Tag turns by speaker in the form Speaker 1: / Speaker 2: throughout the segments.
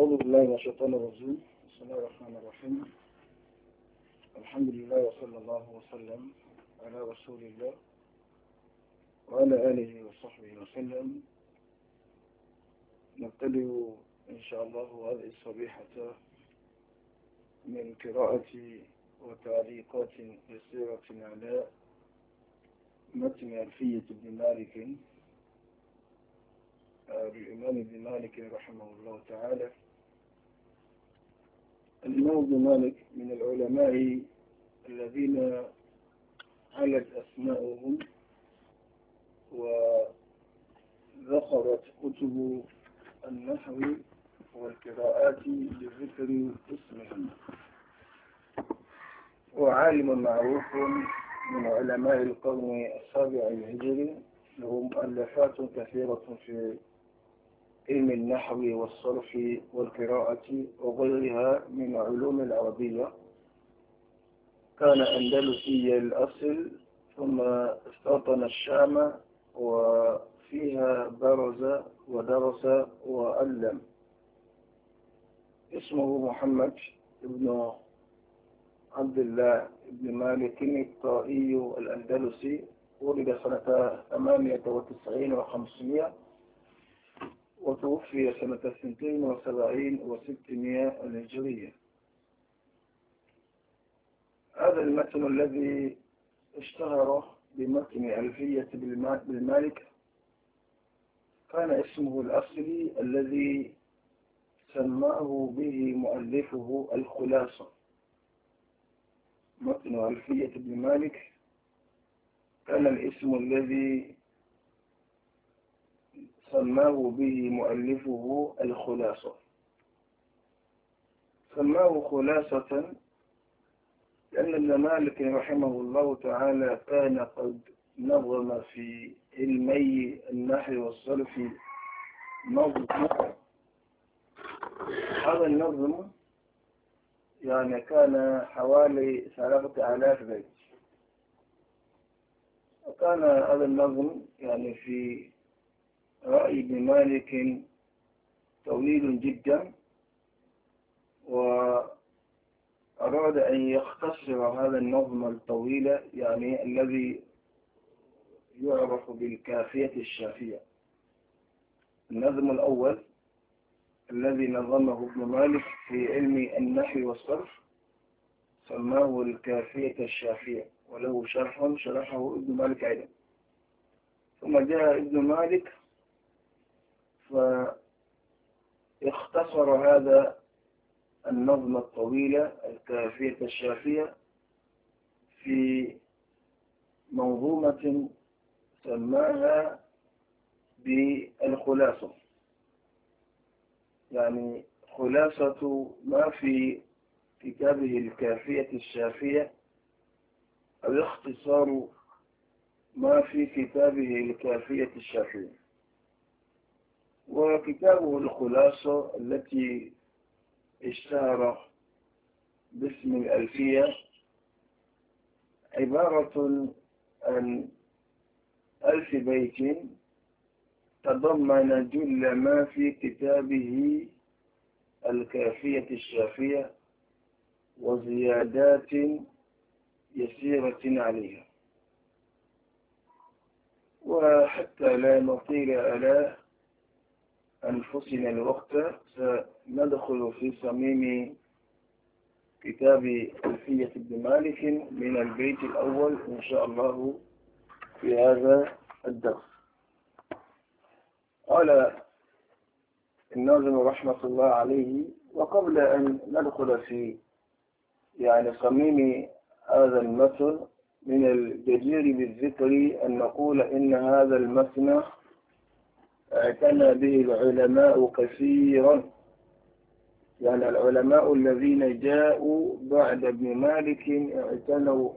Speaker 1: أعوذ بالله من الشيطان الرجيم بسم الله الرحمن الرحيم الحمد لله وصلى الله وسلم على رسول الله وعلى آله وصحبه وسلم نبتدئ إن شاء الله هذه الصبيحة من قراءة وتعليقات يسيرة على متن ألفية ابن مالك آه، للإمام ابن مالك رحمه الله تعالى الموضوع مالك من العلماء الذين علت أسماؤهم وذخرت كتب النحو والقراءات لذكر اسمهم وعالم معروف من علماء القرن السابع الهجري لهم مؤلفات كثيرة في علم النحو والصرف والقراءة وغيرها من علوم العربية كان أندلسي الأصل ثم استوطن الشام وفيها برز ودرس وألم اسمه محمد بن عبد الله بن مالك الطائي الأندلسي ولد سنة 98 و500 وتوفي سنة سنتين وسبعين وستمائة الهجرية هذا المتن الذي اشتهر بمتن ألفية بالمالك كان اسمه الأصلي الذي سماه به مؤلفه الخلاصة متن ألفية بالمالك كان الاسم الذي سماه به مؤلفه الخلاصة سماه خلاصة لأن ابن مالك رحمه الله تعالى كان قد نظم في علمي النحو والصرف نظم هذا النظم يعني كان حوالي ثلاثة آلاف بيت وكان هذا النظم يعني في رأي ابن مالك طويل جدا وأراد أن يختصر هذا النظم الطويل يعني الذي يعرف بالكافية الشافية النظم الأول الذي نظمه ابن مالك في علم النحو والصرف سماه الكافية الشافية وله شرح شرحه ابن مالك أيضا ثم جاء ابن مالك فاختصر هذا النظم الطويلة الكافية الشافية في منظومة سماها بالخلاصة يعني خلاصة ما في كتابه الكافية الشافية أو اختصار ما في كتابه الكافية الشافية وكتابه الخلاصة التي اشتهر باسم الألفية عبارة عن ألف بيت تضمن جل ما في كتابه الكافية الشافية وزيادات يسيرة عليها وحتى لا نطيل على أنفسنا الوقت سندخل في صميم كتاب ألفية ابن مالك من البيت الأول إن شاء الله في هذا الدرس قال الناظم رحمة الله عليه وقبل أن ندخل في يعني صميم هذا المثل من الجدير بالذكر أن نقول إن هذا المثل اعتنى به العلماء كثيرا يعني العلماء الذين جاءوا بعد ابن مالك اعتنوا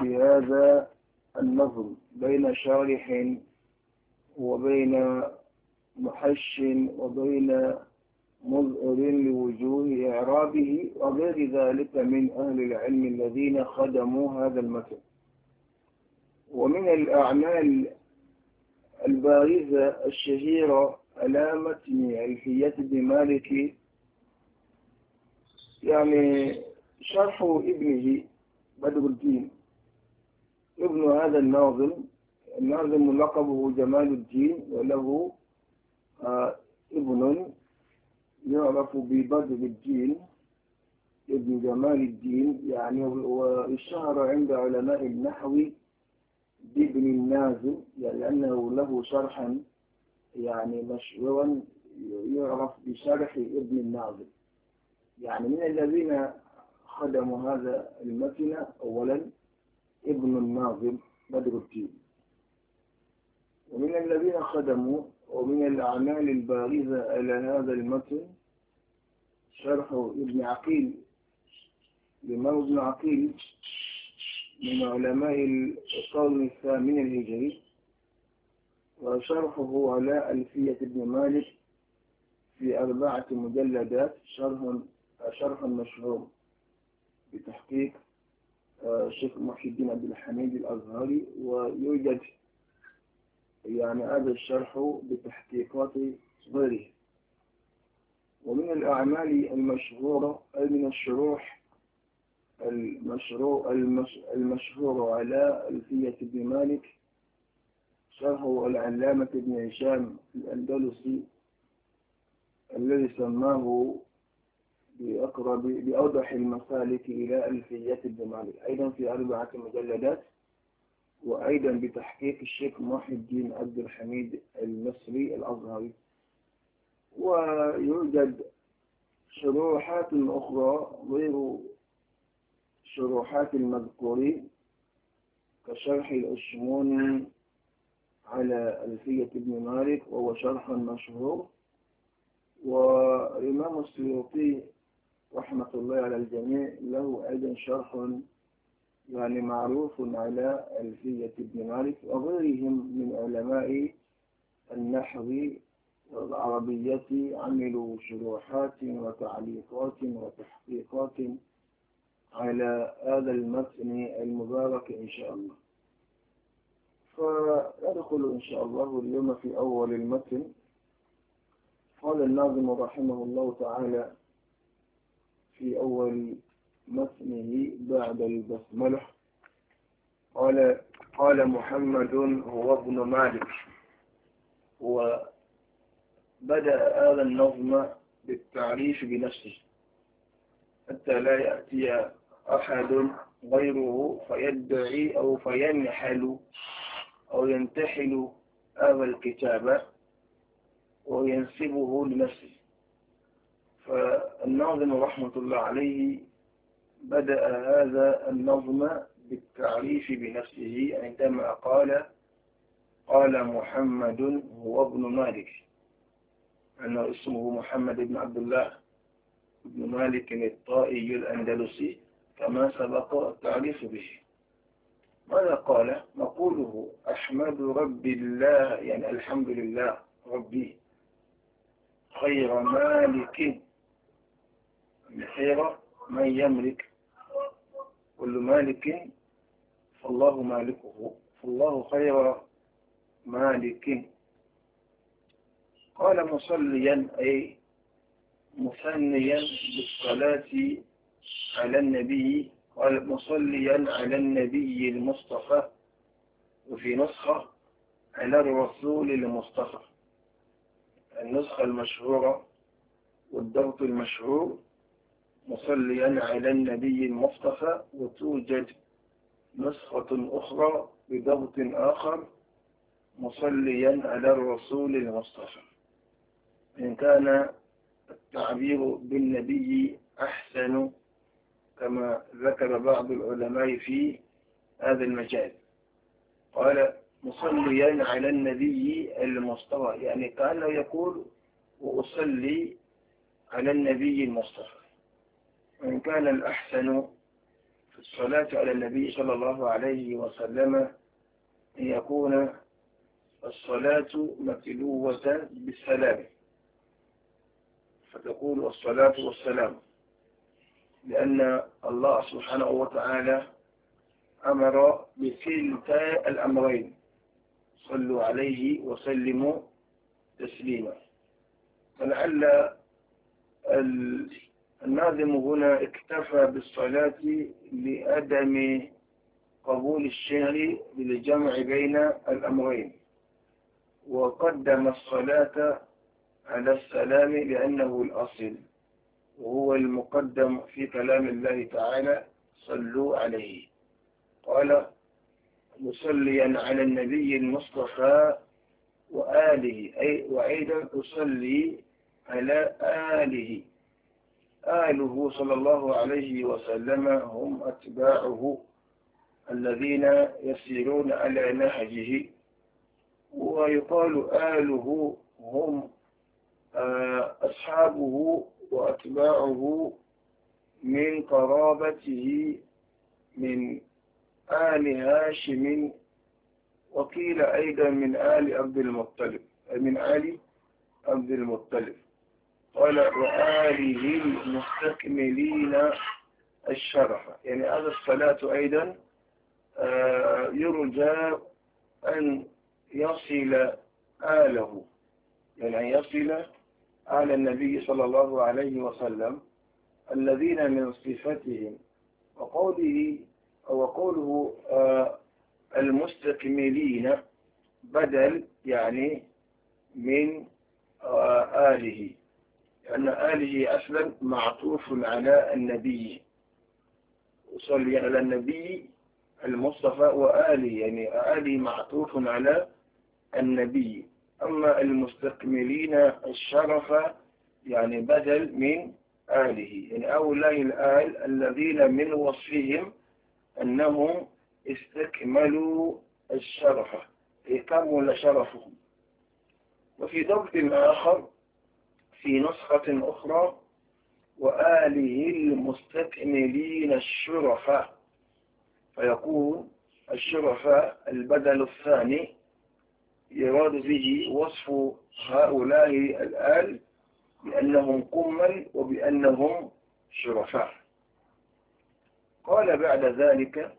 Speaker 1: بهذا النظم بين شارح وبين محش وبين مظهر لوجوه إعرابه وغير ذلك من أهل العلم الذين خدموا هذا المثل ومن الأعمال البارزة الشهيرة على متن ألفية بمالك يعني شرح ابنه بدر الدين ابن هذا الناظم الناظم لقبه جمال الدين وله آه، ابن يعرف ببدر الدين ابن جمال الدين يعني واشتهر عند علماء النحو بابن الناز لأنه يعني له شرحا يعني مشهورا يعرف بشرح ابن الناز يعني من الذين خدموا هذا المتن أولا ابن الناظم بدر الدين ومن الذين خدموا ومن الأعمال البارزة على هذا المتن شرح ابن عقيل لما ابن عقيل من علماء القرن الثامن الهجري وشرحه على ألفية ابن مالك في أربعة مجلدات شرح شرح مشهور بتحقيق الشيخ آه، محي الدين عبد الحميد الأزهري ويوجد يعني هذا الشرح بتحقيقات غيره ومن الأعمال المشهورة أي من الشروح المشروع المشهور على ألفية بن مالك شرح العلامة بن هشام الأندلسي الذي سماه بأقرب بأوضح المسالك إلى ألفية بن مالك أيضا في أربعة مجلدات وأيضا بتحقيق الشيخ محي الدين عبد الحميد المصري الأزهري ويوجد شروحات أخرى غير شروحات المذكورين كشرح الأشموني على ألفية ابن مالك وهو شرح مشهور والإمام السيوطي رحمة الله على الجميع له أيضا شرح يعني معروف على ألفية ابن مالك وغيرهم من علماء النحو والعربية عملوا شروحات وتعليقات وتحقيقات على هذا المتن المبارك إن شاء الله فندخل إن شاء الله اليوم في أول المتن قال الناظم رحمه الله تعالى في أول متنه بعد البسملة قال قال محمد هو ابن مالك وبدأ هذا النظم بالتعريف بنفسه حتى لا يأتي أحد غيره فيدعي أو فينحل أو ينتحل هذا الكتاب وينسبه لنفسه فالناظم رحمة الله عليه بدأ هذا النظم بالتعريف بنفسه عندما قال قال محمد هو ابن مالك أنه اسمه محمد بن عبد الله بن مالك الطائي الأندلسي كما سبق التعريف به ماذا قال نقوله أحمد رب الله يعني الحمد لله ربي خير مالك يعني خير من يملك كل مالك فالله مالكه فالله خير مالك قال مصليا أي مثنيا بالصلاة على النبي قال مصليا على النبي المصطفى وفي نسخة على الرسول المصطفى النسخة المشهورة والضغط المشهور مصليا على النبي المصطفى وتوجد نسخة أخرى بضغط آخر مصليا على الرسول المصطفى إن كان التعبير بالنبي أحسن كما ذكر بعض العلماء في هذا المجال قال مصليا على النبي المصطفى يعني كأنه يقول وأصلي على النبي المصطفى وإن كان الأحسن في الصلاة على النبي صلى الله عليه وسلم أن يكون الصلاة متلوة بالسلام فتقول الصلاة والسلام لأن الله سبحانه وتعالى أمر بكلتا الأمرين صلوا عليه وسلموا تسليما فلعل الناظم هنا اكتفى بالصلاة لأدم قبول الشعر للجمع بين الأمرين وقدم الصلاة على السلام لأنه الأصل وهو المقدم في كلام الله تعالى صلوا عليه قال مصليا على النبي المصطفى وآله أي وأيضا أصلي على آله آله صلى الله عليه وسلم هم أتباعه الذين يسيرون على نهجه ويقال آله هم آه، أصحابه وأتباعه من قرابته من آل هاشم وقيل أيضا من آل عبد المطلب من آل عبد المطلب قال وآله المستكملين الشرح يعني هذا الصلاة أيضا آه، يرجى أن يصل آله يعني يصل على النبي صلى الله عليه وسلم الذين من صفتهم وقوله وقوله آه، المستكملين بدل يعني من آه، آله لأن آله أصلا معطوف على النبي يصلي على النبي المصطفى وآله يعني آله معطوف على النبي أما المستكملين الشرف يعني بدل من آله يعني أولئك الآل الذين من وصفهم أنهم استكملوا الشرف كمل شرفهم وفي ضبط آخر في نسخة أخرى وآله المستكملين الشرفاء فيقول الشرفاء البدل الثاني يراد به وصف هؤلاء الآل بأنهم قما وبأنهم شرفاء قال بعد ذلك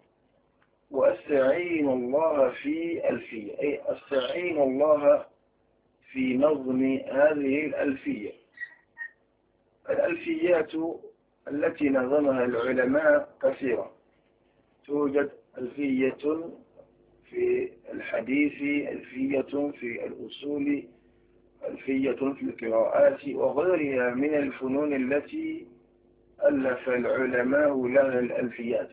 Speaker 1: وأستعين الله في ألفية أي أستعين الله في نظم هذه الألفية الألفيات التي نظمها العلماء كثيرة توجد ألفية في الحديث ألفية في الأصول ألفية في القراءات وغيرها من الفنون التي ألف العلماء لها الألفيات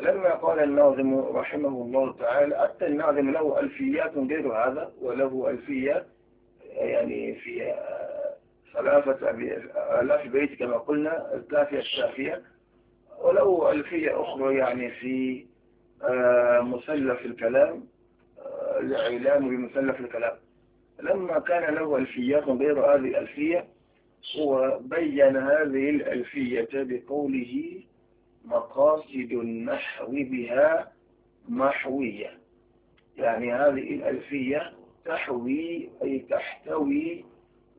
Speaker 1: لما قال الناظم رحمه الله تعالى أتى الناظم له ألفيات غير هذا وله ألفية يعني في ثلاثة آلاف بيت كما قلنا الثلاثية الشافية وله ألفية أخرى يعني في آه، مثلث الكلام آه، الإعلام بمثلث الكلام لما كان له ألفيات غير هذه الألفية هو بين هذه الألفية بقوله مقاصد النحو بها محوية يعني هذه الألفية تحوي أي تحتوي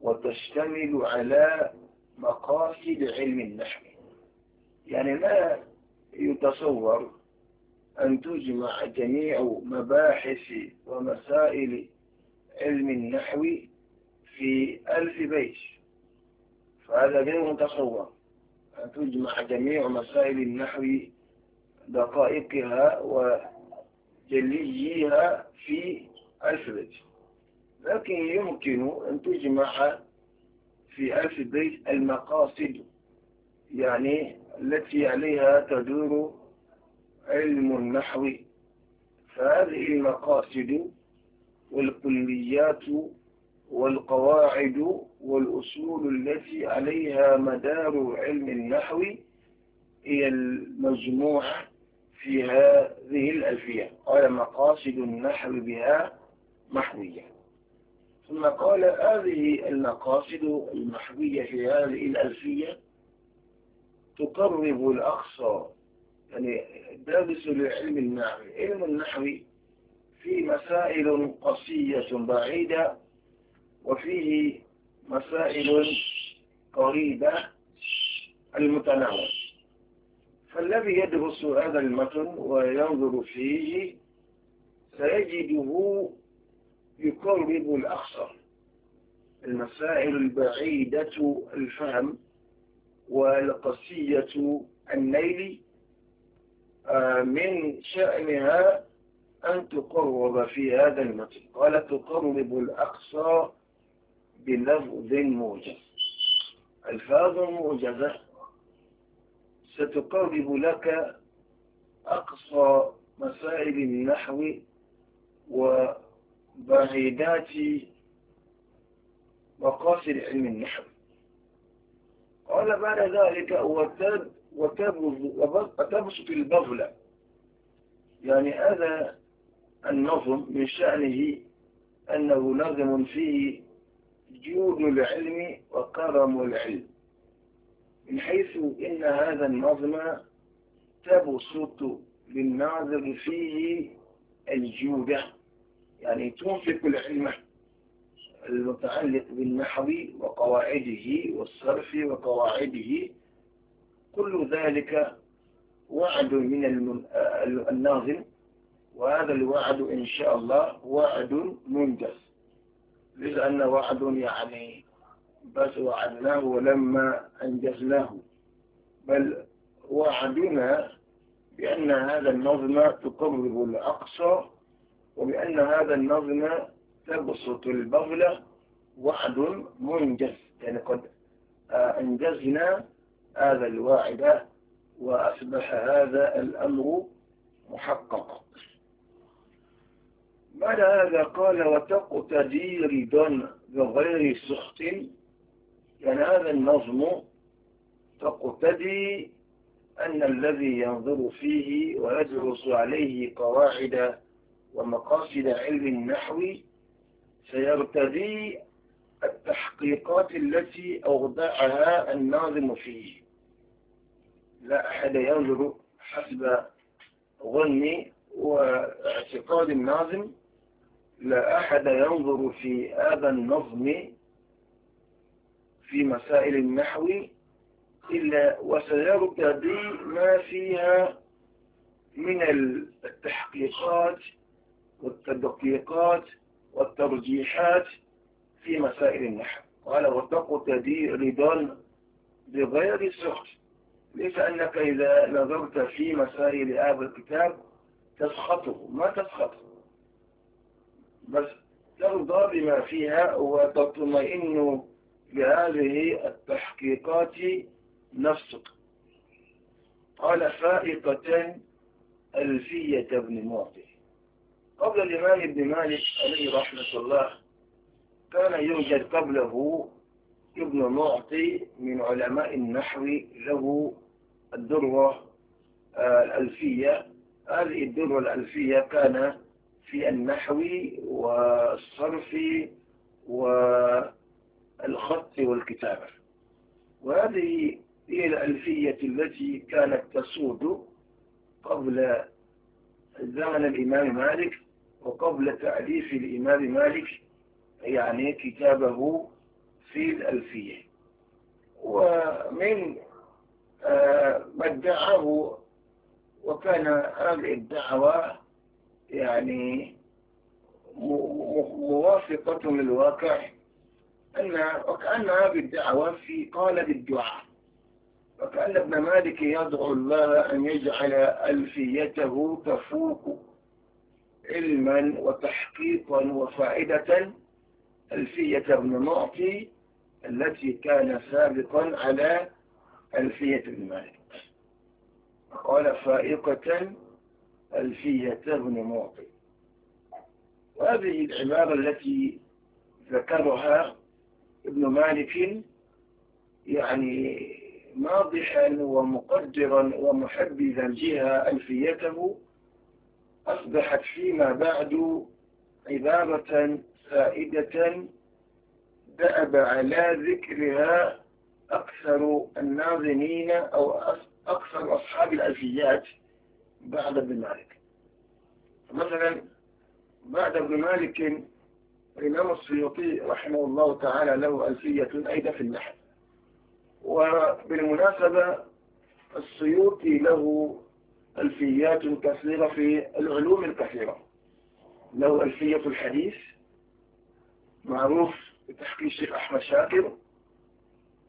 Speaker 1: وتشتمل على مقاصد علم النحو يعني لا يتصور أن تجمع جميع مباحث ومسائل علم النحو في ألف بيت فهذا غير متصور أن تجمع جميع مسائل النحو دقائقها وجليها في ألف بيت لكن يمكن أن تجمع في ألف بيت المقاصد يعني التي عليها تدور علم النحو فهذه المقاصد والكليات والقواعد والأصول التي عليها مدار علم النحو هي المجموعة في هذه الألفية قال مقاصد النحو بها محوية ثم قال هذه المقاصد المحوية في هذه الألفية تقرب الأقصى يعني دابس للعلم النحوي علم النحو فيه مسائل قصية بعيدة وفيه مسائل قريبة المتناول فالذي يدرس هذا المتن وينظر فيه سيجده يقرب الأخصر المسائل البعيدة الفهم والقصية النيل آه، من شأنها أن تقرب في هذا المتن قال تقرب الأقصى بلفظ موجز ألفاظ موجزة ستقرب لك أقصى مسائل النحو وبعيدات مقاصد علم النحو قال بعد ذلك وتد وتبسط البغلة يعني هذا النظم من شأنه أنه نظم فيه جود العلم وكرم العلم من حيث إن هذا النظم تبسط للناظر فيه الجودة يعني تنفق العلم المتعلق بالنحو وقواعده والصرف وقواعده كل ذلك وعد من الناظم وهذا الوعد إن شاء الله وعد منجز أن وعد يعني بس وعدناه ولما أنجزناه بل وعدنا بأن هذا النظم تقرب الأقصى وبأن هذا النظم تبسط البغلة وعد منجز يعني قد آه، أنجزنا هذا الواعد وأصبح هذا الأمر محقق بعد هذا قال وتقتدي رضا بغير سخط كان يعني هذا النظم تقتدي أن الذي ينظر فيه ويدرس عليه قواعد ومقاصد علم النحو سيرتدي التحقيقات التي أوضعها الناظم فيه لا أحد ينظر حسب ظني واعتقاد الناظم لا أحد ينظر في هذا النظم في مسائل النحو إلا وسيرتدي ما فيها من التحقيقات والتدقيقات والترجيحات في مسائل النحو قال وتقتدي رضا بغير سخط ليس أنك إذا نظرت في مسائل هذا الكتاب تسخطه ما تسخطه بس ترضى بما فيها وتطمئن لهذه التحقيقات نفسك قال فائقة ألفية ابن معطي قبل الإمام ابن مالك عليه رحمة الله كان يوجد قبله ابن معطي من علماء النحو له الدروة آه، الألفية هذه الدروة الألفية كان في النحو والصرف والخط والكتابة وهذه هي الألفية التي كانت تسود قبل زمن الإمام مالك وقبل تعريف الإمام مالك يعني كتابه في الألفية ومن ما ادعاه وكان هذه الدعوة يعني موافقة للواقع أن وكأن هذه الدعوة في قالب الدعاء وكأن ابن مالك يدعو الله أن يجعل ألفيته تفوق علما وتحقيقا وفائدة ألفية ابن معطي التي كان سابقا على ألفية بن مالك قال فائقة ألفية بن معطي وهذه العبارة التي ذكرها ابن مالك يعني ناضحا ومقدرا ومحبذا بها ألفيته أصبحت فيما بعد عبارة سائدة دأب على ذكرها أكثر الناظمين أو أكثر أصحاب الألفيات بعد ابن مالك مثلا بعد ابن مالك الإمام السيوطي رحمه الله تعالى له ألفية أيضا في النحو وبالمناسبة السيوطي له ألفيات كثيرة في العلوم الكثيرة له ألفية الحديث معروف بتحكي الشيخ أحمد شاكر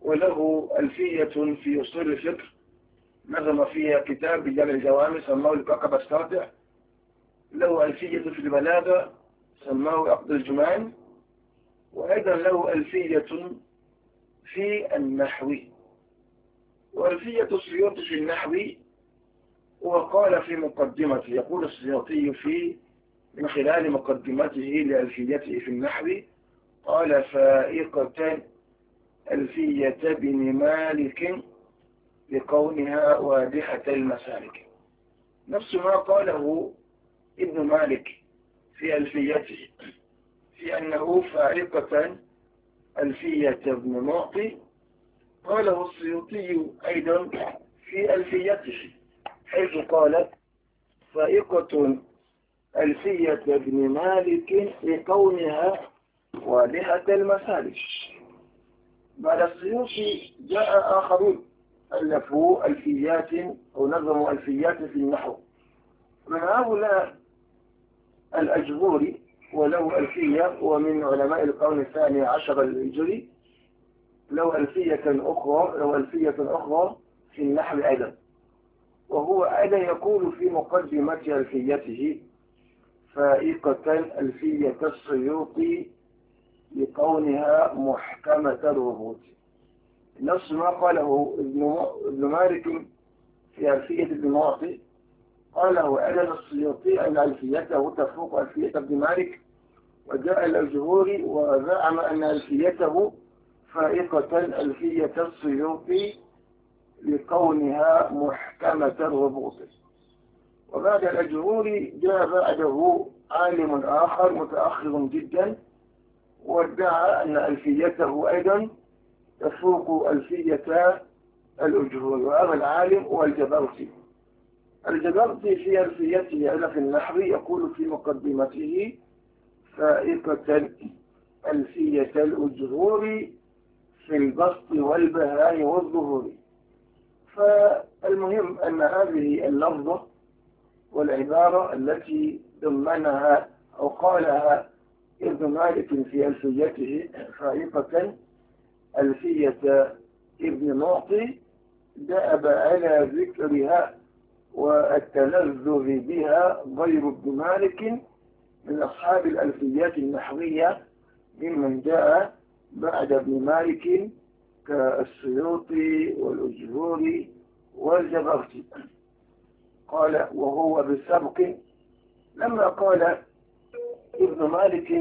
Speaker 1: وله ألفية في أصول الفكر نظم فيها كتاب بجمع الجوامع سماه الكوكب الساطع له ألفية في البلاغة سماه عقد الجمعان وأيضا له ألفية في النحو وألفية السيوط في النحو وقال في مقدمته يقول السيوطي في من خلال مقدمته لألفيته في النحو قال فائقة ألفية بن مالك لكونها واضحة المسالك نفس ما قاله ابن مالك في ألفيته في أنه فارقة ألفية ابن معطي قاله السيوطي أيضا في ألفيته حيث قالت فائقة ألفية ابن مالك لكونها واضحة المسالك بعد السيوطي جاء آخرون ألفوا ألفيات أو نظموا ألفيات في النحو من هؤلاء الأجبوري وله ألفية ومن علماء القرن الثاني عشر الهجري له ألفية أخرى له ألفية أخرى في النحو أدم وهو أدى يقول في مقدمة ألفيته فائقة ألفية السيوطي لكونها محكمة الوجود نفس ما قاله ابن مالك في ألفية ابن معطي قاله أنا السيوطي أن ألفيته تفوق ألفية ابن مالك وجاء الأجهوري وزعم أن ألفيته فائقة ألفية السيوطي لكونها محكمة الربوط وبعد الأجهوري جاء بعده عالم آخر متأخر جدا وادعى أن ألفيته أيضا تفوق ألفية الأجهول وأما العالم والجبرتي الجبرتي في ألفيته أنا في النحو يقول في مقدمته فائقة ألفية الأجهور في البسط والبهاء والظهور فالمهم أن هذه اللفظة والعبارة التي ضمنها أو قالها ابن مالك في ألفيته خائفة ألفية ابن معطي دأب على ذكرها والتلذذ بها غير ابن مالك من أصحاب الألفيات النحوية ممن جاء بعد ابن مالك كالسيوطي والأجهوري والجبرتي قال وهو بسبق لما قال ابن مالك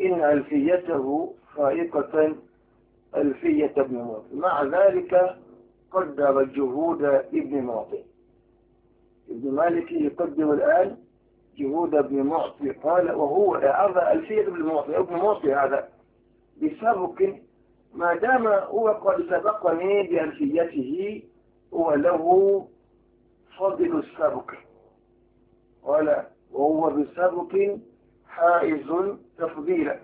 Speaker 1: إن ألفيته فائقة ألفية ابن معطي مع ذلك قدر جهود ابن معطي ابن مالك يقدر الآن جهود ابن معطي قال وهو أعرض ألفية ابن معطي ابن معطي هذا بسبق ما دام هو قد سبقني بألفيته هو له فضل السبق قال وهو بسبق حائز تفضيلا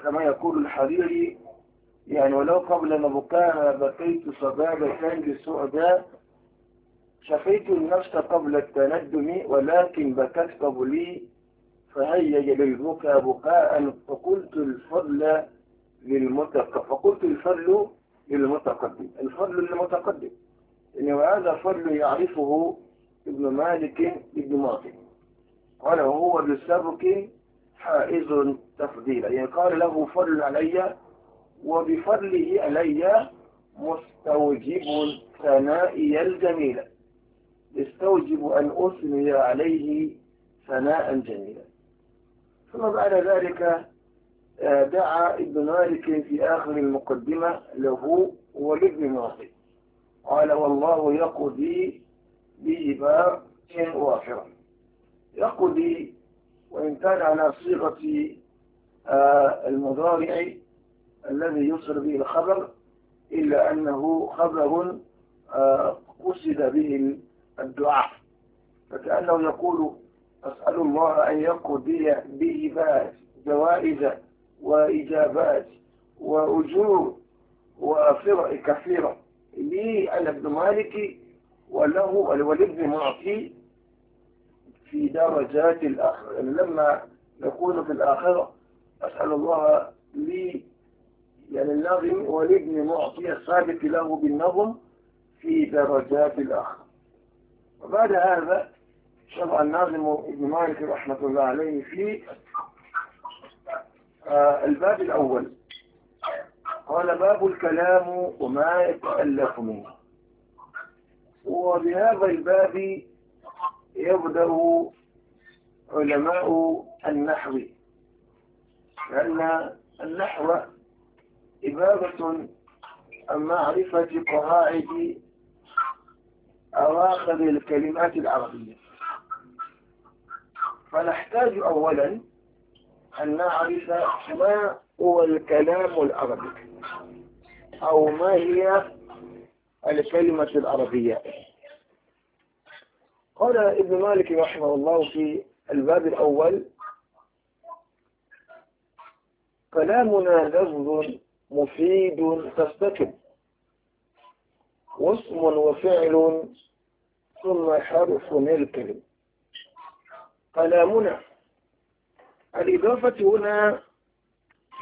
Speaker 1: كما يقول الحريري يعني ولو قبل أن بقيت بكيت صبابة بسعداء شفيت النفس قبل التندم ولكن بكت قبلي فهيج للبكاء بكاء فقلت الفضل للمتقدم فقلت الفضل للمتقدم الفضل للمتقدم يعني وهذا فضل يعرفه ابن مالك ابن ماطن قال هو بسبك حائز تفضيلا يعني قال له فضل علي وبفضله علي مستوجب ثنائي الجميل يستوجب أن أثني عليه ثناء جميلا ثم بعد ذلك آه، دعا ابن مالك في آخر المقدمة له ولابن مالك قال والله يقضي بإباء واخرا يقضي وإن كان على صيغة آه، المضارع الذي يصل به الخبر إلا أنه خبر آه، قصد به الدعاء فكأنه يقول أسأل الله أن يقضي به جوائز وإجابات وأجور وفرع كثيرة لي أنا ابن مالك وله ولابن معطي في درجات الآخرة يعني لما نكون في الآخرة أسأل الله لي يعني النظم ولابن معطي الثابت له بالنظم في درجات الآخرة وبعد هذا شرع الناظم ابن مالك رحمة الله عليه في آه، الباب الأول قال باب الكلام وما يتألف منه وبهذا الباب يبدأ علماء النحو لأن النحو إبابة عن معرفة قواعد أواخر الكلمات العربية فنحتاج أولا أن نعرف ما هو الكلام العربي أو ما هي الكلمة العربية قال ابن مالك رحمه الله في الباب الأول كلامنا لفظ مفيد تستتب واسم وفعل ثم حرف الكلم كلامنا الإضافة هنا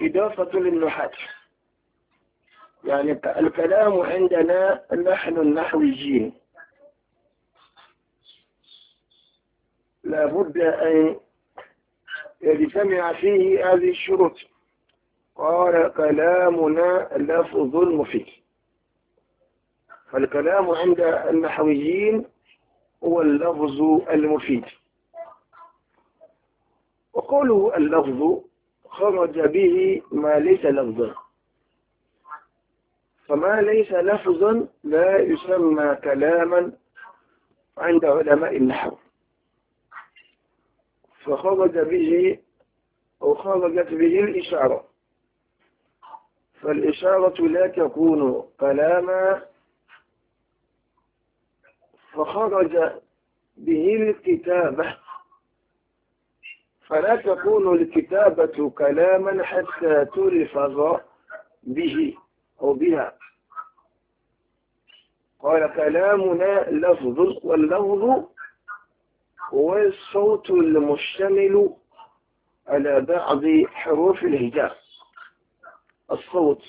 Speaker 1: إضافة للنحاة يعني الكلام عندنا نحن النحويين لابد أن يجتمع فيه هذه الشروط قال كلامنا لفظ مفيد فالكلام عند النحويين هو اللفظ المفيد وقوله اللفظ خرج به ما ليس لفظا فما ليس لفظا لا يسمى كلاما عند علماء النحو فخرج به أو خرجت به الإشارة فالإشارة لا تكون كلاما فخرج به الكتابة فلا تكون الكتابة كلاما حتى تلفظ به أو بها قال كلامنا لفظ واللفظ والصوت المشتمل على بعض حروف الهجاء الصوت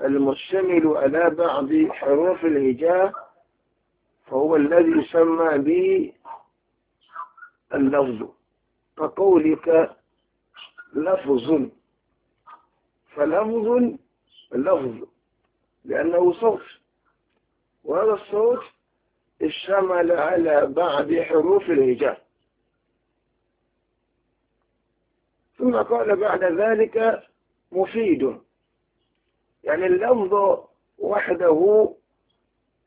Speaker 1: المشتمل على بعض حروف الهجاء فهو الذي يسمى به اللفظ كقولك لفظ فلفظ لفظ لأنه صوت وهذا الصوت اشتمل على بعض حروف الهجاء ثم قال بعد ذلك مفيد يعني اللفظ وحده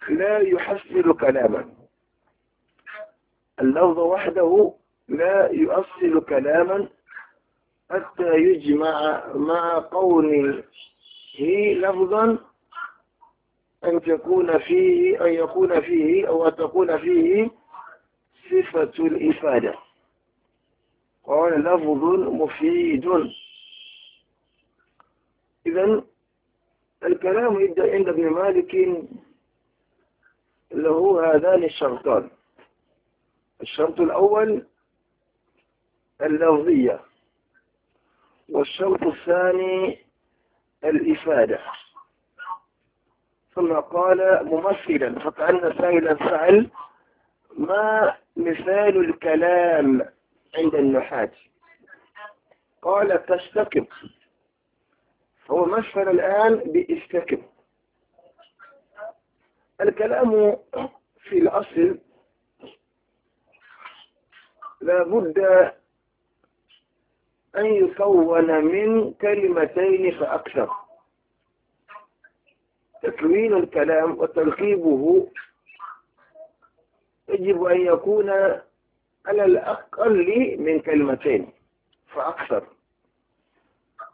Speaker 1: لا يحصل كلاما اللفظ وحده لا يؤصل كلاما حتى يجمع مع قوله لفظا أن تكون فيه أن يكون فيه أو أن تكون فيه صفة الإفادة قال لفظ مفيد إذا الكلام يبدأ عند ابن مالك له هذان الشرطان الشرط الأول اللفظية والشرط الثاني الإفادة ثم قال ممثلا فكأن سائلا سأل ما مثال الكلام عند النحاة قال تستكب هو مثل الآن باستكب الكلام في الأصل لابد أن يكون من كلمتين فأكثر تكوين الكلام وتركيبه يجب أن يكون على الأقل من كلمتين فأكثر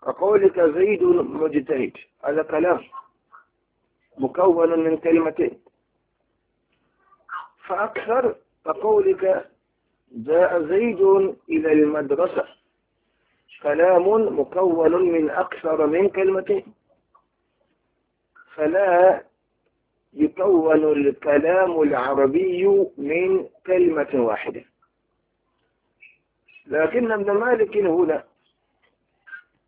Speaker 1: كقولك زيد مجتهد هذا كلام مكون من كلمتين فأكثر كقولك جاء زيد إلى المدرسة كلام مكون من أكثر من كلمتين فلا يكون الكلام العربي من كلمة واحدة لكن ابن مالك هنا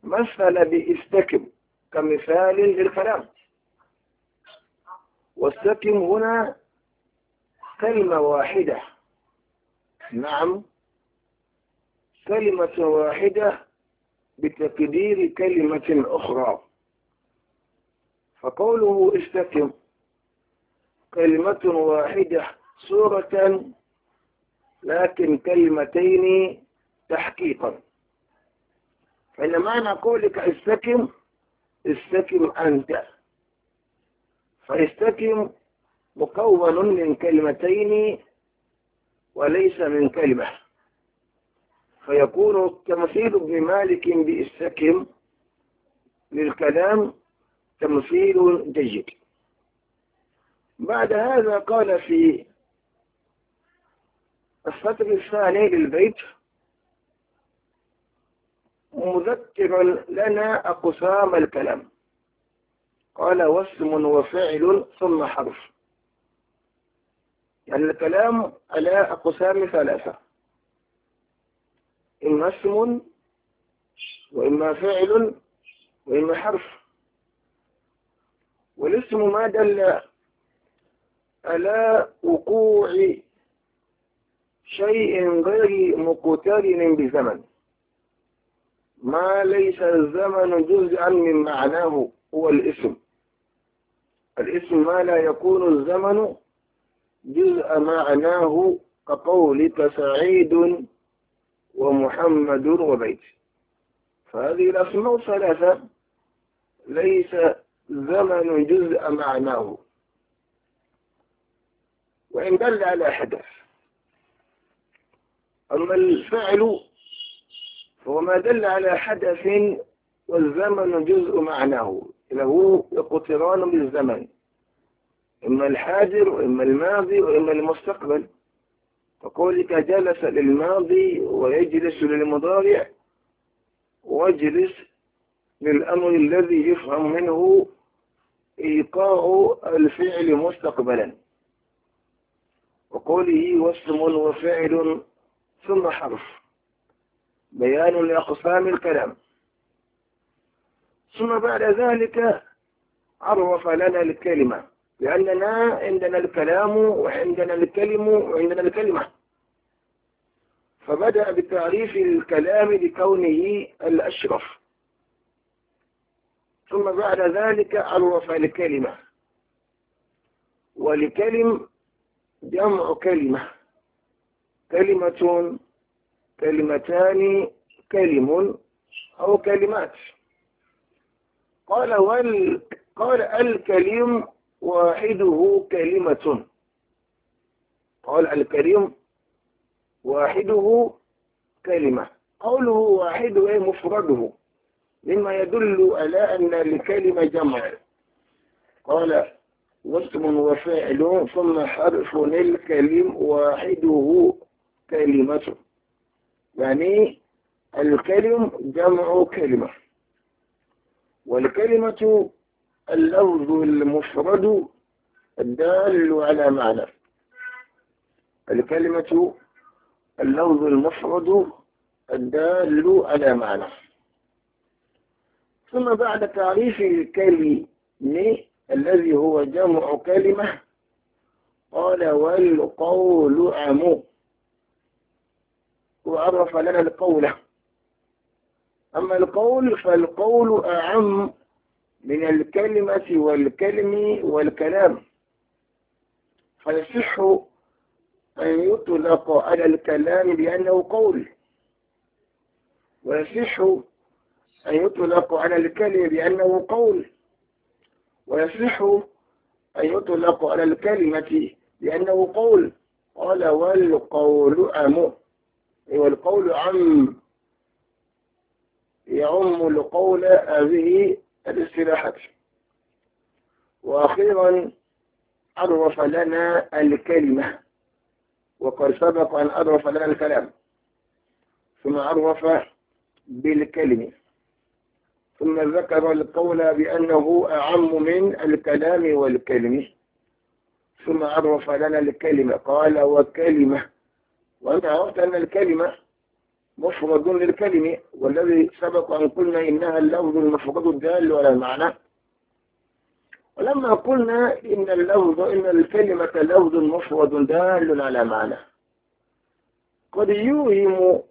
Speaker 1: مثل باستكم كمثال للكلام واستكم هنا كلمة واحدة نعم كلمة واحدة بتقدير كلمة أخرى فقوله اشتكم كلمة واحدة سورة لكن كلمتين تحقيقا فلما قولك استكم استكم أنت فاستكم مكون من كلمتين وليس من كلمة فيكون تمثيل ابن مالك للكلام تمثيل جيد بعد هذا قال في السطر الثاني للبيت مذكرا لنا أقسام الكلام قال واسم وفعل ثم حرف يعني الكلام على أقسام ثلاثة إما اسم وإما فعل وإما حرف والاسم ما دل على وقوع شيء غير مقترن بزمن ما ليس الزمن جزءا من معناه هو الاسم الاسم ما لا يكون الزمن جزء معناه كقولك سعيد ومحمد وبيت فهذه الأسماء الثلاثة ليس زمن جزء معناه وإن دل على حدث أما الفعل فهو ما دل على حدث والزمن جزء معناه له اقتران بالزمن إما الحاضر وإما الماضي وإما المستقبل فقولك جلس للماضي ويجلس للمضارع واجلس للأمر الذي يفهم منه إيقاع الفعل مستقبلا وقوله واسم وفعل ثم حرف بيان لأقسام الكلام ثم بعد ذلك عرف لنا الكلمة لأننا عندنا الكلام وعندنا الكلم وعندنا الكلمة فبدأ بتعريف الكلام لكونه الأشرف ثم بعد ذلك الوفاء لكلمة ولكلم جمع كلمة كلمة كلمتان كلم أو كلمات قال وال قال الكلم واحده كلمة قال الكريم واحده كلمة قوله واحده مفرده مما يدل على أن الكلمة جمع قال واسم وفعل ثم حرف الكلم واحده كلمة يعني الكلم جمع كلمة والكلمة اللفظ المفرد الدال على معنى الكلمة اللفظ المفرد الدال على معنى ثم بعد تعريف الكلمة الذي هو جمع كلمة قال والقول عمو وعرف لنا القول أما القول فالقول أعم من الكلمة والكلم والكلام فيصح أن يطلق على الكلام بأنه قول ويصح أن يطلق على الكلمة بأنه قول ويصح أن يطلق على الكلمة بأنه قول قال والقول أم والقول عم يعم القول هذه الاستلاحات وأخيرا عرف لنا الكلمة وقد سبق أن عرف لنا الكلام ثم عرف بالكلمة ثم ذكر القول بأنه أعم من الكلام والكلمة ثم عرف لنا الكلمة قال وكلمة وأنت عرفت أن الكلمة مفرد للكلمة والذي سبق أن قلنا إنها اللفظ المفرد الدال على المعنى ولما قلنا إن اللفظ إن الكلمة لفظ مفرد دال على معنى قد يوهم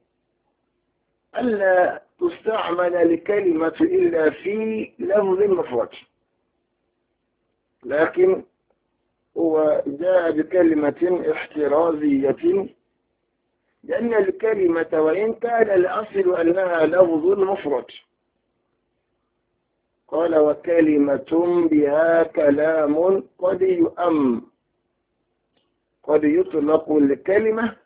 Speaker 1: ألا تستعمل الكلمة إلا في لفظ المفرد لكن هو جاء بكلمة احترازية لأن الكلمة وإن كان الأصل أنها لفظ مفرد قال وكلمة بها كلام قد يؤم قد يطلق الكلمة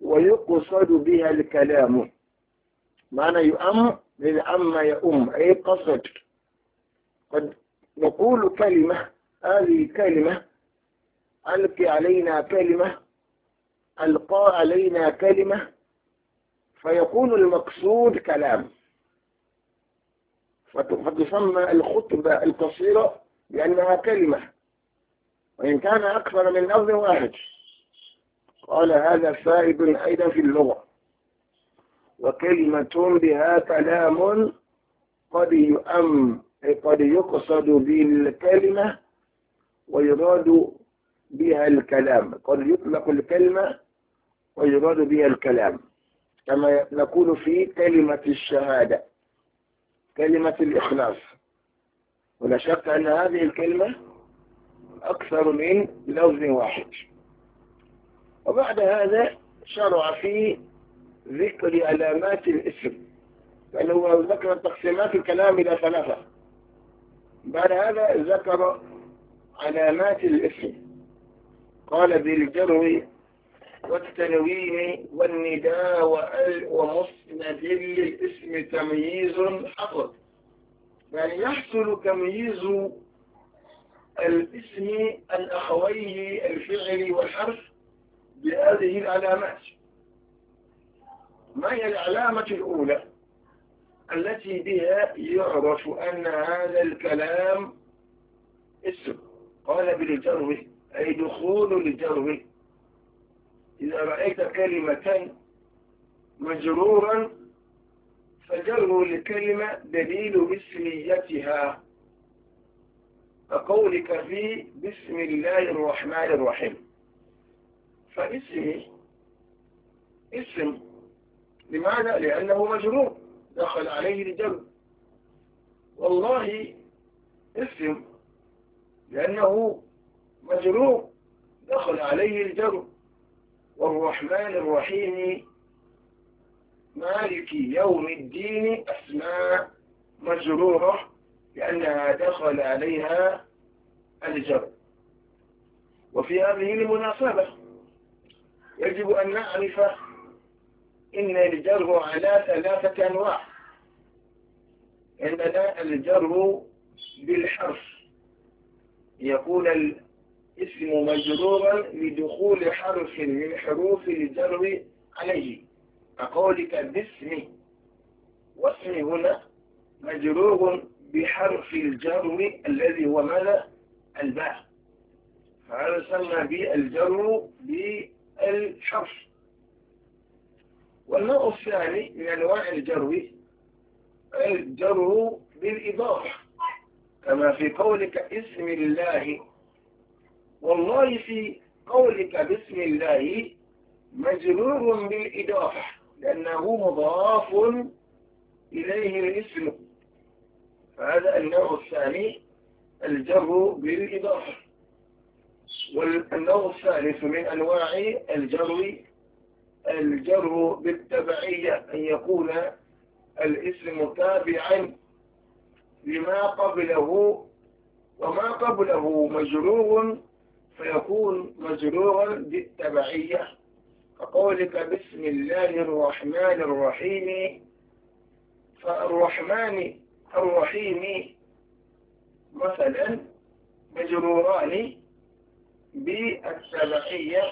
Speaker 1: ويقصد بها الكلام معنى يؤم أما يؤم أي قصد قد نقول كلمة هذه كلمة ألقي علينا كلمة ألقى علينا كلمة فيكون المقصود كلام فتسمى الخطبة القصيرة لأنها كلمة وإن كان أكثر من لفظ واحد قال هذا فائد أيضا في اللغة وكلمة بها كلام قد يؤم أي قد يقصد بالكلمة ويراد بها الكلام قد يطلق الكلمة ويراد بها الكلام كما نقول في كلمة الشهادة كلمة الإخلاص ولا شك أن هذه الكلمة أكثر من لفظ واحد وبعد هذا شرع في ذكر علامات الاسم هو ذكر تقسيمات الكلام الى ثلاثه بعد هذا ذكر علامات الاسم قال بالجر والتنوين والنداء ومسند للاسم تمييز حصل يعني يحصل تمييز الاسم الاخوي الفعل والحرف بهذه العلامات ما هي العلامة الأولى التي بها يعرف أن هذا الكلام اسم قال بالجر أي دخول الجر إذا رأيت كلمة مجرورا فجر الكلمة دليل اسميتها كقولك في بسم الله الرحمن الرحيم فاسم اسم لماذا؟ لأنه مجرور دخل عليه الجن والله اسم لأنه مجرور دخل عليه الجر والرحمن الرحيم مالك يوم الدين أسماء مجرورة لأنها دخل عليها الجر وفي هذه المناسبة يجب أن نعرف إن الجر على ثلاثة أنواع عندنا الجر بالحرف يكون الاسم مجرورا لدخول حرف من حروف الجر عليه كقولك باسم واسم هنا مجرور بحرف الجر الذي هو ماذا الباء فهذا سمى بالجر بالحرف والنوع الثاني من أنواع الجرو الجرو بالإضافة كما في قولك اسم الله والله في قولك باسم الله مجرور بالإضافة لأنه مضاف إليه الاسم هذا النوع الثاني الجر بالإضافة والنوع الثالث من أنواع الجر الجر بالتبعية أن يكون الاسم تابعا لما قبله وما قبله مجرور فيكون مجرورا بالتبعية كقولك بسم الله الرحمن الرحيم فالرحمن الرحيم مثلا مجروران بالتبعية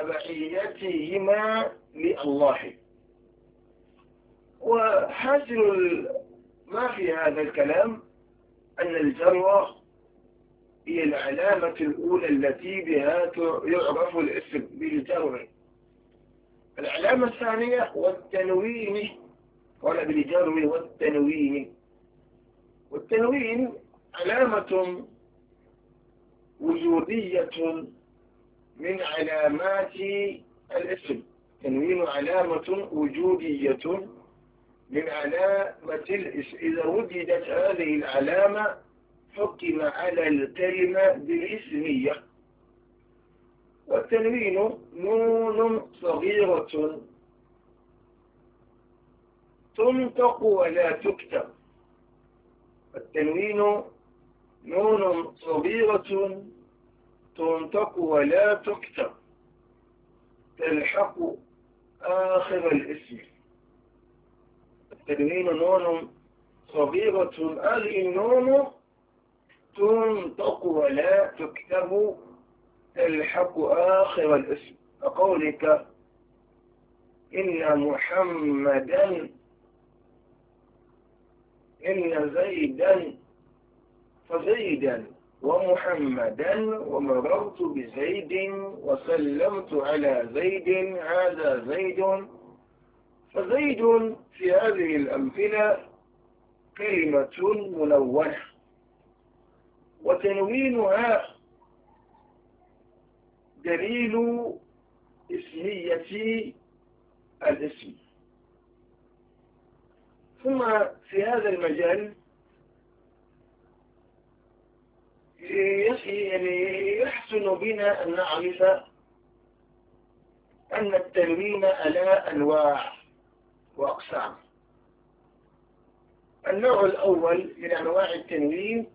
Speaker 1: سمعيتهما لله وحاسن ما في هذا الكلام أن الجروة هي العلامة الأولى التي بها يعرف الاسم بالجر العلامة الثانية والتنوين قال بالجر والتنوين والتنوين علامة وجودية من علامات الاسم تنوين علامة وجودية من علامة الاسم إذا وجدت هذه العلامة حكم على الكلمة بالاسمية والتنوين نون صغيرة تنطق ولا تكتب التنوين نون صغيرة تنطق ولا تكتب تلحق آخر الاسم التنوين نون صغيرة النون تنطق ولا تكتب تلحق آخر الاسم كقولك إن محمدا إن زيدا فزيدا ومحمدا ومررت بزيد وسلمت على زيد هذا زيد فزيد في هذه الأمثلة كلمة منونة وتنوينها دليل اسمية الاسم ثم في هذا المجال يعني يحسن بنا أن نعرف أن التنوين على أنواع وأقسام النوع الأول من أنواع التنوين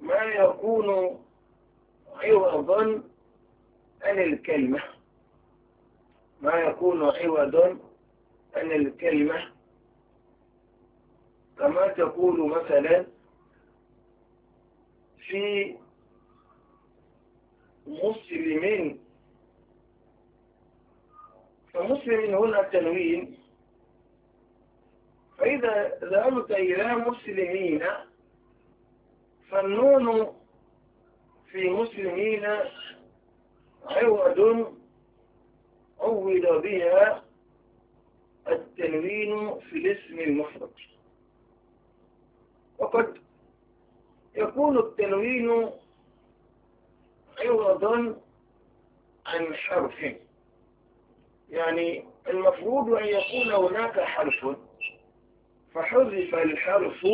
Speaker 1: ما يكون عوضا عن الكلمة ما يكون عوضا عن الكلمة كما تقول مثلا في مسلمين فمسلم هنا تنوين فإذا ذهبت إلى مسلمين فالنون في مسلمين عوض عوض بها التنوين في الاسم المفرد وقد يكون التنوين عوضا عن حرف يعني المفروض أن يكون هناك حرف فحذف الحرف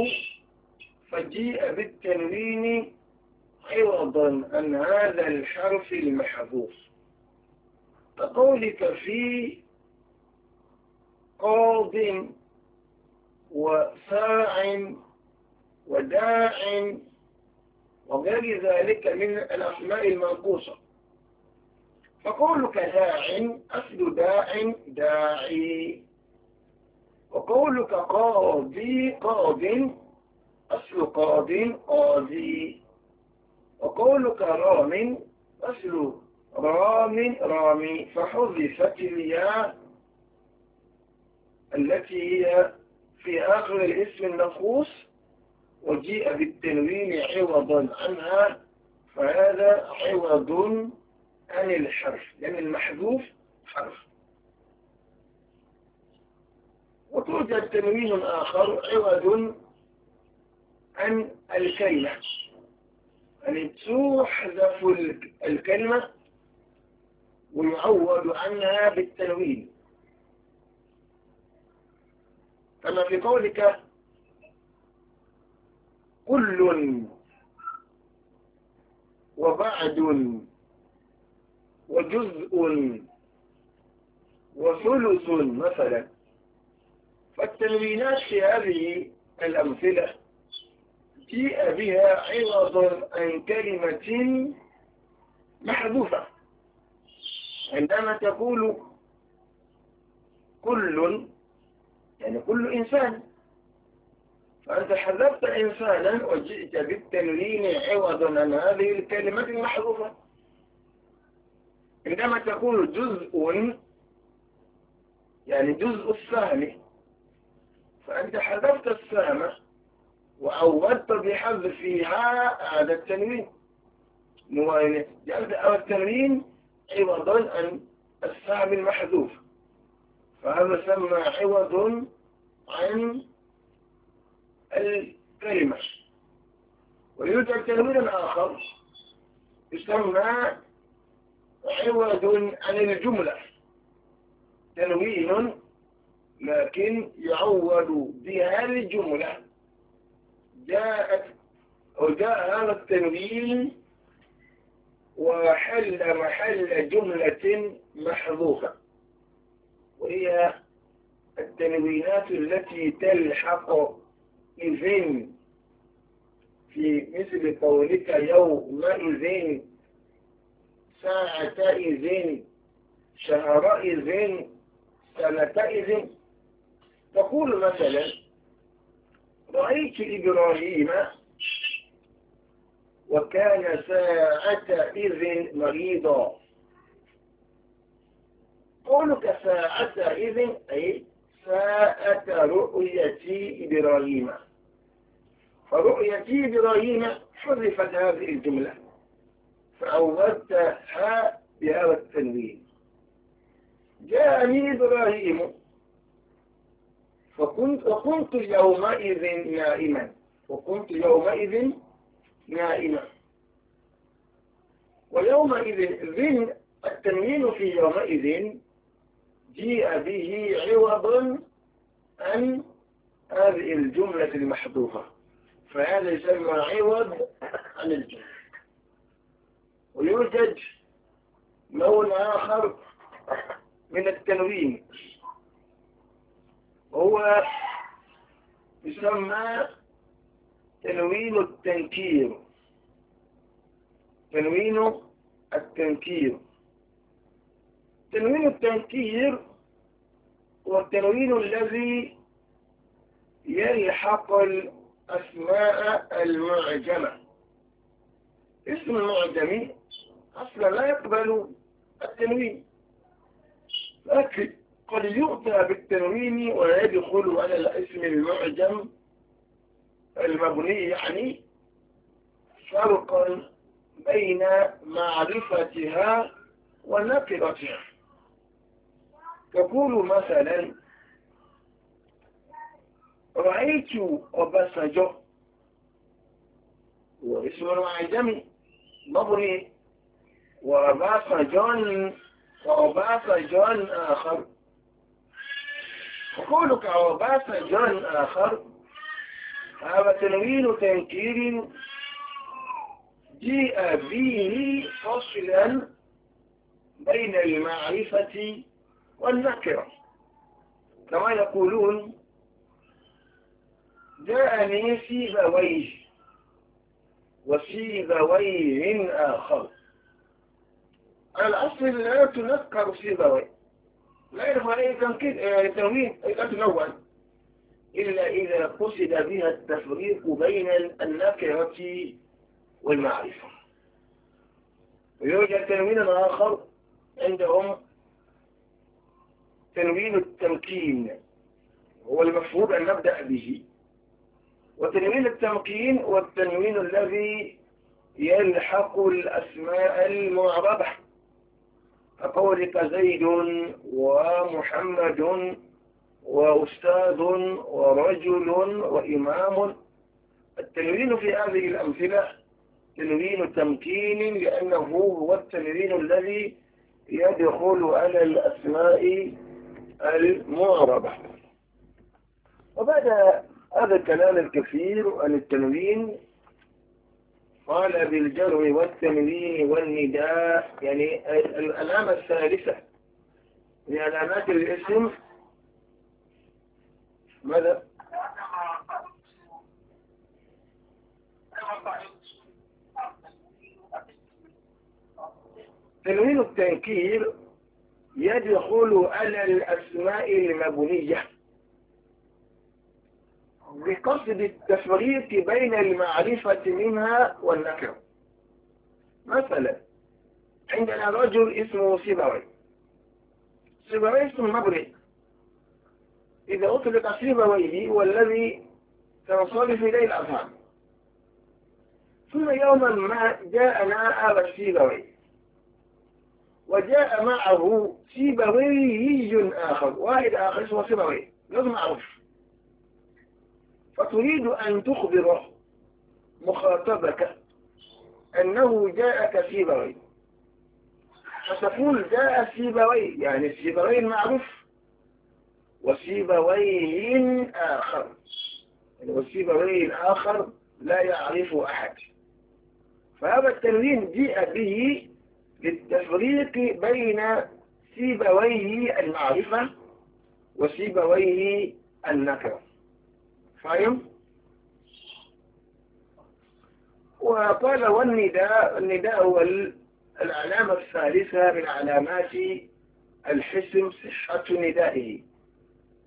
Speaker 1: فجيء بالتنوين عوضا عن هذا الحرف المحذوف كقولك في قاض وساع وداع وغير ذلك من الأسماء المنقوصة فقولك داع أصل داع داعي وقولك قاضي قاض أصل قاض قاضي وقولك رام أصل رام رامي فحذفت الياء التي هي في آخر الاسم النخوص وجيء بالتنوين عوضا عنها فهذا عوض عن الحرف لأن يعني المحذوف حرف وتوجد تنوين آخر عوض عن الكلمة يعني تحذف الكلمة ويعوض عنها بالتنوين كما في قولك كل وبعد وجزء وثلث مثلا فالتنوينات في هذه الأمثلة جيء بها عوضا عن كلمة محذوفة عندما تقول كل يعني كل إنسان فأنت حذفت إنسانا وجئت بالتنوين عوضا عن هذه الكلمة المحذوفة عندما تقول جزء يعني جزء السهم فأنت حذفت السهم وعوضت بحذفها هذا التنوين موالية جعلت التنوين عوضا عن السهم المحذوف فهذا سمى عوض عن الكلمة ويدعى تنوينا آخر يسمى عوض عن الجملة تنوين لكن يعوض بها الجملة جاءت أو جاء هذا التنوين وحل محل جملة محذوفة وهي التنوينات التي تلحق إذن في مثل قولك يومئذ ساعتئذ شهرئذ سنتئذ تقول مثلا رأيت إبراهيم وكان ساعتئذ مريضا قولك ساعتئذ أي ساعة رؤية إبراهيم فرؤيتي إبراهيم حرفت هذه الجملة فعوضتها بهذا التنوين جاءني إبراهيم فكنت وكنت يومئذ نائما وكنت يومئذ نائما ويومئذ ذن التنوين في يومئذ جيء به عوضا عن هذه الجملة المحذوفة فهذا يسمى عوض عن الجهل ويوجد لون آخر من التنوين هو يسمى تنوين التنكير تنوين التنكير تنوين التنكير هو التنوين الذي يلحق أسماء المعجمة اسم المعجمي أصلا لا يقبل التنوين لكن قد يؤتى بالتنوين ويدخل على الاسم المعجم المبني يعني فرقا بين معرفتها ونكرتها تقول مثلا رأيت أباسنجو واسم المعجمي مبري وأباسنجون وأباسنجون آخر قولك وأباسنجون آخر هذا تنوين تنكير جيء به فصلا بين المعرفة والنكرة كما يقولون جاءني سيبويه وسيبويه آخر الأصل لا في سيبويه لا يعرف آه، أي تنكيد تنوين إلا إذا قصد بها التفريق بين النكرة والمعرفة ويوجد تنوين آخر عندهم تنوين التمكين هو المفروض أن نبدأ به وتنوين التمكين والتنوين الذي يلحق الأسماء المعربة كقولك زيد ومحمد وأستاذ ورجل وإمام التنوين في هذه الأمثلة تنوين تمكين لأنه هو التنوين الذي يدخل على الأسماء المعربة وبعد هذا كلام الكثير عن التنوين قال بالجر والتنوين والنداء يعني العلامة الثالثة من علامات الاسم ماذا؟ تنوين التنكير يدخل على الأسماء المبنية بقصد التفريق بين المعرفة منها والنكرة مثلا عندنا رجل اسمه سيبوي سيبوي اسم مبرد إذا أطلق سيبويه هو الذي تنصرف إليه الأفهام ثم يوما ما جاءنا أبا سيبوي وجاء معه سيبويي آخر واحد آخر اسمه سيبوي غير معروف وتريد أن تخبر مخاطبك أنه جاءك سيبوي فتقول جاء سيبوي يعني السيبوي معروف وسيبويه آخر والسيبوي يعني الآخر لا يعرف أحد فهذا التنوين جاء به للتفريق بين سيبويه المعرفة وسيبويه النكرة فاهم وقال والنداء النداء هو العلامة الثالثة من علامات الحسم صحة ندائه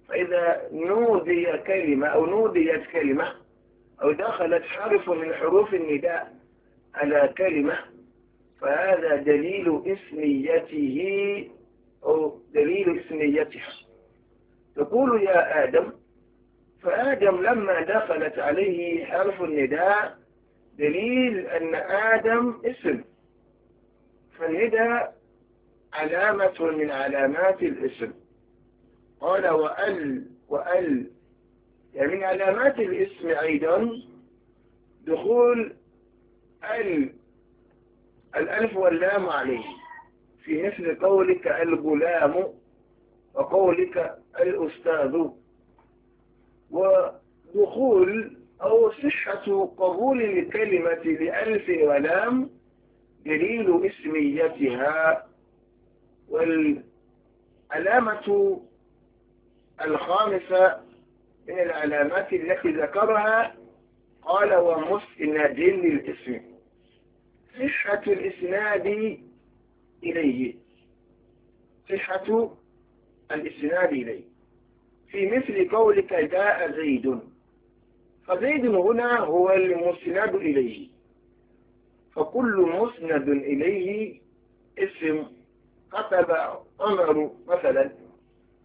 Speaker 1: فإذا نودي كلمة أو نوديت كلمة أو دخلت حرف من حروف النداء على كلمة فهذا دليل اسميته أو دليل اسميتها تقول يا آدم فآدم لما دخلت عليه حرف النداء دليل أن آدم اسم فالنداء علامة من علامات الاسم قال وأل وأل يعني من علامات الاسم أيضا دخول ال الألف واللام عليه في مثل قولك الغلام وقولك الأستاذ ودخول أو صحة قبول الكلمة بألف ولام دليل اسميتها والعلامة الخامسة من العلامات التي ذكرها قال ومسند للاسم صحة الإسناد إليه صحة الإسناد إليه في مثل قولك جاء زيد فزيد هنا هو المسند إليه فكل مسند إليه اسم كتب عمر مثلا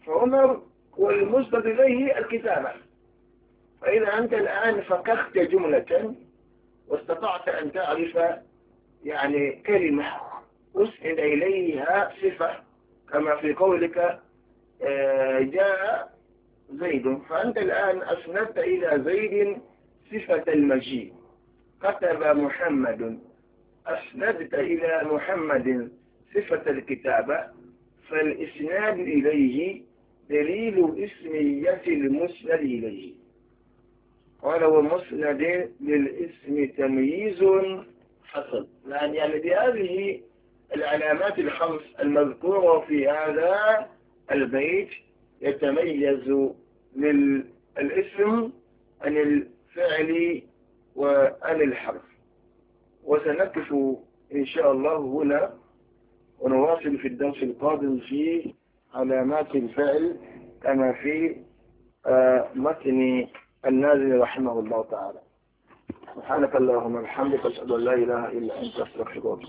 Speaker 1: فعمر هو المسند إليه الكتابة فإذا أنت الآن فكخت جملة واستطعت أن تعرف يعني كلمة أسند إليها صفة كما في قولك آه، جاء زيد فأنت الآن أسندت إلى زيد صفة المجيء كتب محمد أسندت إلى محمد صفة الكتابة فالإسناد إليه دليل اسمية المسند إليه قال ومسند للاسم تمييز حصل يعني, يعني بهذه العلامات الخمس المذكورة في هذا البيت يتميز من الاسم عن الفعل وعن الحرف وسنقف إن شاء الله هنا ونواصل في الدرس القادم في علامات الفعل كما في آه، متن النازل رحمه الله تعالى سبحانك اللهم وبحمدك أشهد أن لا إله إلا أنت أستغفرك